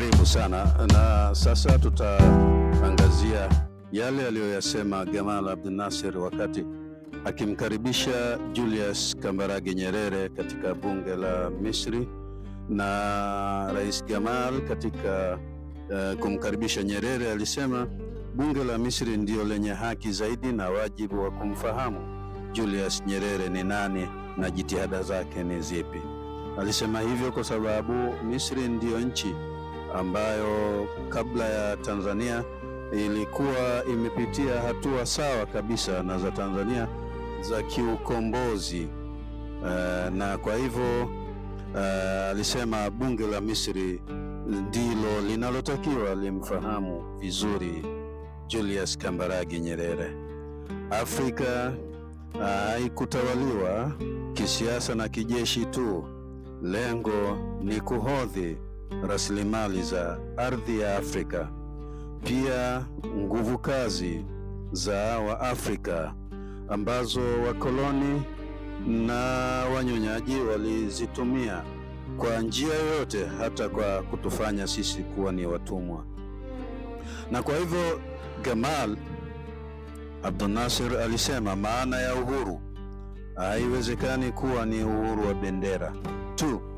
Karibu sana na sasa tutaangazia yale aliyoyasema Gamal Abdel Nasser wakati akimkaribisha Julius Kambarage Nyerere katika bunge la Misri na Rais Gamal katika uh, kumkaribisha Nyerere alisema bunge la Misri ndio lenye haki zaidi na wajibu wa kumfahamu Julius Nyerere ni nani na jitihada zake ni zipi. Alisema hivyo kwa sababu Misri ndiyo nchi ambayo kabla ya Tanzania ilikuwa imepitia hatua sawa kabisa na za Tanzania za kiukombozi. Uh, na kwa hivyo uh, alisema bunge la Misri ndilo linalotakiwa limfahamu vizuri Julius Kambarage Nyerere. Afrika eh, haikutawaliwa uh, kisiasa na kijeshi tu. Lengo ni kuhodhi rasilimali za ardhi ya Afrika, pia nguvu kazi za Waafrika ambazo wakoloni na wanyonyaji walizitumia kwa njia yoyote, hata kwa kutufanya sisi kuwa ni watumwa. Na kwa hivyo Gamal abdunasir Nasser alisema maana ya uhuru haiwezekani kuwa ni uhuru wa bendera tu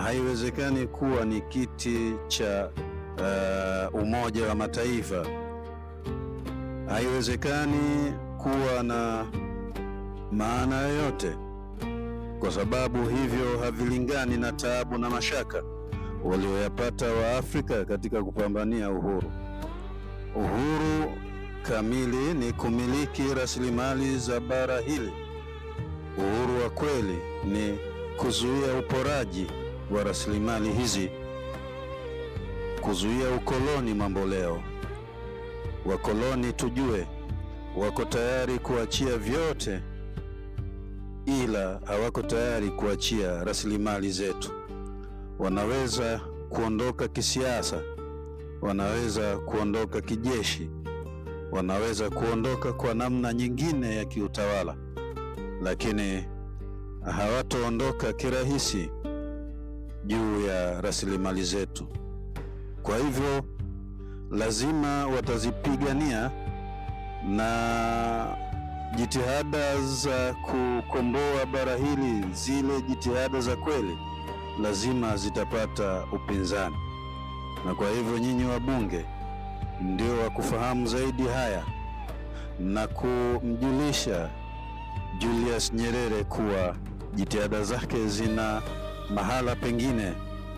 haiwezekani kuwa ni kiti cha uh, Umoja wa Mataifa, haiwezekani kuwa na maana yoyote, kwa sababu hivyo havilingani na taabu na mashaka walioyapata Waafrika katika kupambania uhuru. Uhuru kamili ni kumiliki rasilimali za bara hili. Uhuru wa kweli ni kuzuia uporaji wa rasilimali hizi kuzuia ukoloni mamboleo. Wakoloni tujue, wako tayari kuachia vyote, ila hawako tayari kuachia rasilimali zetu. Wanaweza kuondoka kisiasa, wanaweza kuondoka kijeshi, wanaweza kuondoka kwa namna nyingine ya kiutawala, lakini hawatoondoka kirahisi juu ya rasilimali zetu. Kwa hivyo lazima watazipigania na jitihada za kukomboa bara hili, zile jitihada za kweli lazima zitapata upinzani, na kwa hivyo nyinyi wabunge ndio wa kufahamu zaidi haya na kumjulisha Julius Nyerere kuwa jitihada zake zina mahala pengine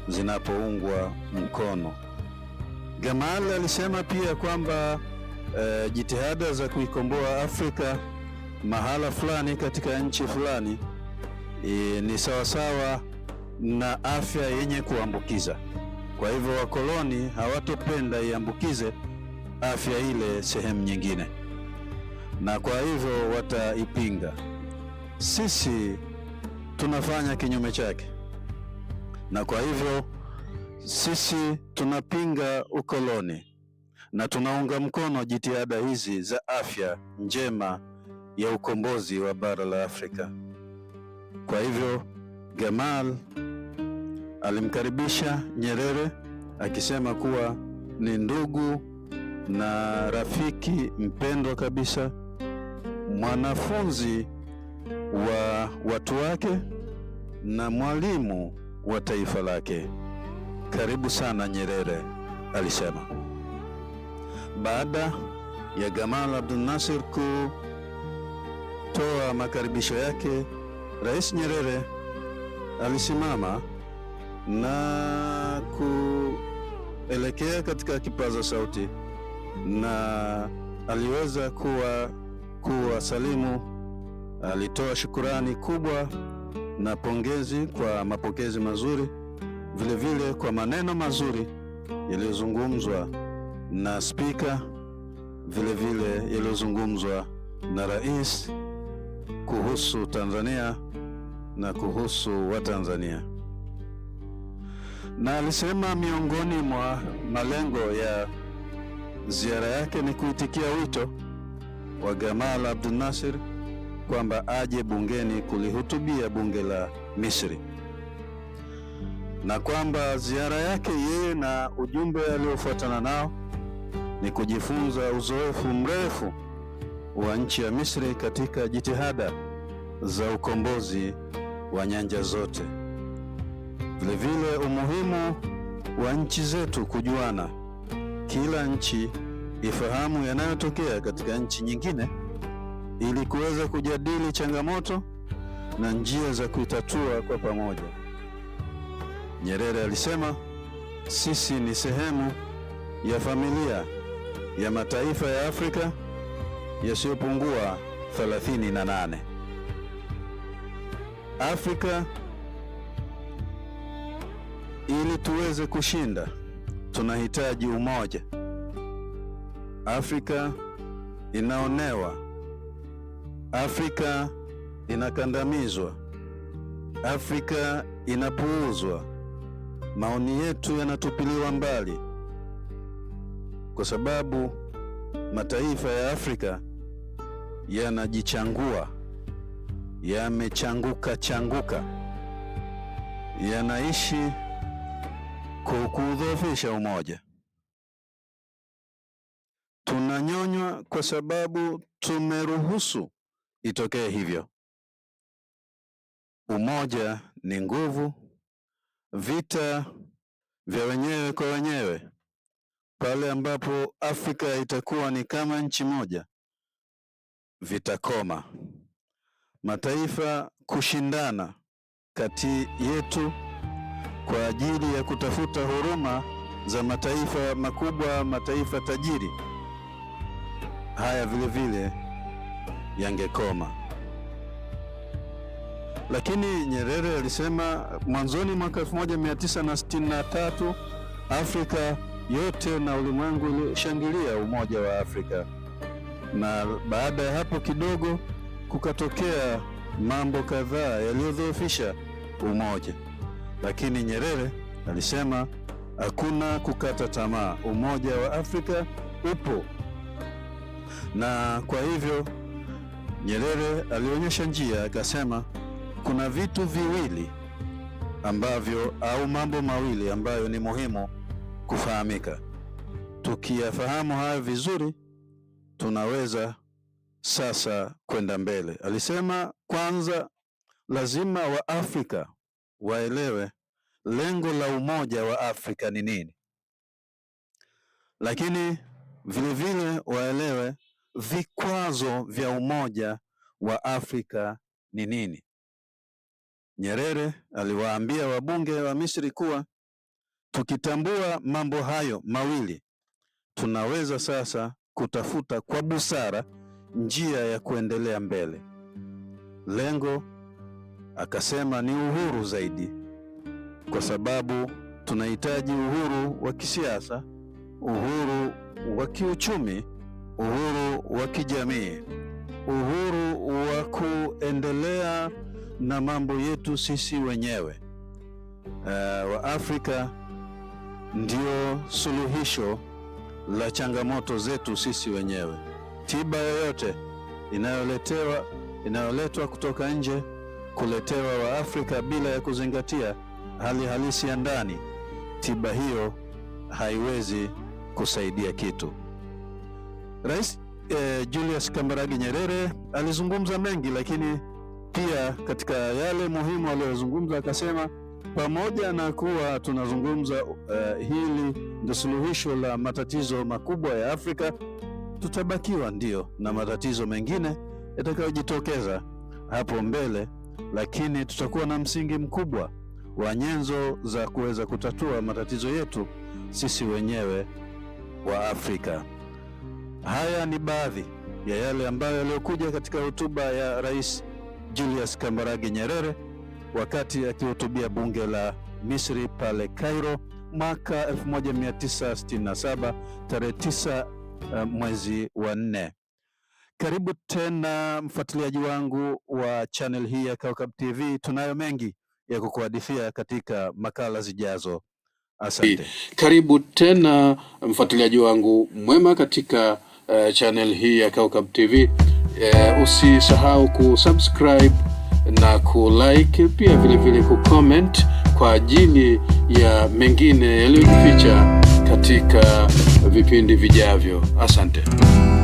zinapoungwa mkono. Gamal alisema pia kwamba e, jitihada za kuikomboa Afrika mahala fulani katika nchi fulani e, ni sawasawa na afya yenye kuambukiza. Kwa hivyo wakoloni hawatopenda iambukize afya ile sehemu nyingine, na kwa hivyo wataipinga. Sisi tunafanya kinyume chake na kwa hivyo sisi tunapinga ukoloni na tunaunga mkono jitihada hizi za afya njema ya ukombozi wa bara la Afrika. Kwa hivyo Gamal alimkaribisha Nyerere akisema kuwa ni ndugu na rafiki mpendwa kabisa, mwanafunzi wa watu wake na mwalimu wa taifa lake. Karibu sana Nyerere, alisema. Baada ya Gamal Abdel Nasser kutoa makaribisho yake, Rais Nyerere alisimama na kuelekea katika kipaza sauti na aliweza kuwa kuwasalimu. Alitoa shukurani kubwa na pongezi kwa mapokezi mazuri, vilevile vile kwa maneno mazuri yaliyozungumzwa na spika, vilevile yaliyozungumzwa na rais kuhusu Tanzania na kuhusu Watanzania. Na alisema miongoni mwa malengo ya ziara yake ni kuitikia wito wa Gamal Abdel Nasser kwamba aje bungeni kulihutubia bunge la Misri na kwamba ziara yake yeye na ujumbe aliofuatana nao ni kujifunza uzoefu mrefu wa nchi ya Misri katika jitihada za ukombozi wa nyanja zote. Vilevile umuhimu wa nchi zetu kujuana, kila nchi ifahamu yanayotokea katika nchi nyingine ili kuweza kujadili changamoto na njia za kuitatua kwa pamoja. Nyerere alisema, sisi ni sehemu ya familia ya mataifa ya Afrika yasiyopungua 38. Afrika, ili tuweze kushinda, tunahitaji umoja. Afrika inaonewa Afrika inakandamizwa, Afrika inapuuzwa, maoni yetu yanatupiliwa mbali, kwa sababu mataifa ya Afrika yanajichangua, yamechanguka changuka, yanaishi kuudhoofisha umoja. Tunanyonywa kwa sababu tumeruhusu itokee hivyo. Umoja ni nguvu. Vita vya wenyewe kwa wenyewe, pale ambapo Afrika itakuwa ni kama nchi moja, vitakoma. Mataifa kushindana kati yetu kwa ajili ya kutafuta huruma za mataifa makubwa, mataifa tajiri haya vilevile vile yangekoma. Lakini Nyerere alisema mwanzoni mwaka 1963 Afrika yote na ulimwengu ulishangilia umoja wa Afrika, na baada ya hapo kidogo kukatokea mambo kadhaa yaliyodhoofisha umoja, lakini Nyerere alisema hakuna kukata tamaa, umoja wa Afrika upo, na kwa hivyo Nyerere alionyesha njia akasema, kuna vitu viwili ambavyo au mambo mawili ambayo ni muhimu kufahamika. Tukiyafahamu haya vizuri, tunaweza sasa kwenda mbele. Alisema kwanza, lazima wa afrika waelewe lengo la umoja wa Afrika ni nini, lakini vilevile waelewe vikwazo vya Umoja wa Afrika ni nini? Nyerere aliwaambia wabunge wa Misri kuwa tukitambua mambo hayo mawili tunaweza sasa kutafuta kwa busara njia ya kuendelea mbele. Lengo akasema ni uhuru zaidi, kwa sababu tunahitaji uhuru wa kisiasa, uhuru wa kiuchumi uhuru wa kijamii, uhuru wa kuendelea na mambo yetu sisi wenyewe. Uh, wa Afrika ndio suluhisho la changamoto zetu sisi wenyewe. Tiba yoyote inayoletewa inayoletwa kutoka nje kuletewa Waafrika bila ya kuzingatia hali halisi ya ndani, tiba hiyo haiwezi kusaidia kitu. Rais eh, Julius Kambarage Nyerere alizungumza mengi, lakini pia katika yale muhimu aliyozungumza akasema pamoja na kuwa tunazungumza uh, hili ndio suluhisho la matatizo makubwa ya Afrika, tutabakiwa ndio na matatizo mengine yatakayojitokeza hapo mbele, lakini tutakuwa na msingi mkubwa wa nyenzo za kuweza kutatua matatizo yetu sisi wenyewe wa Afrika. Haya ni baadhi ya yale ambayo yaliyokuja katika hotuba ya Rais Julius Kambarage Nyerere wakati akihutubia bunge la Misri pale Cairo mwaka 1967 tarehe 9 uh, eh, mwezi wa nne. Karibu tena mfuatiliaji wangu wa channel hii ya Kaukab TV. Tunayo mengi ya kukuhadithia katika makala zijazo. Asante. Karibu tena mfuatiliaji wangu mwema katika Eh, channel hii ya Kaukab TV. Uh, eh, usisahau kusubscribe na kulike pia vile vile kucomment kwa ajili ya mengine yaliyojificha katika vipindi vijavyo. Asante.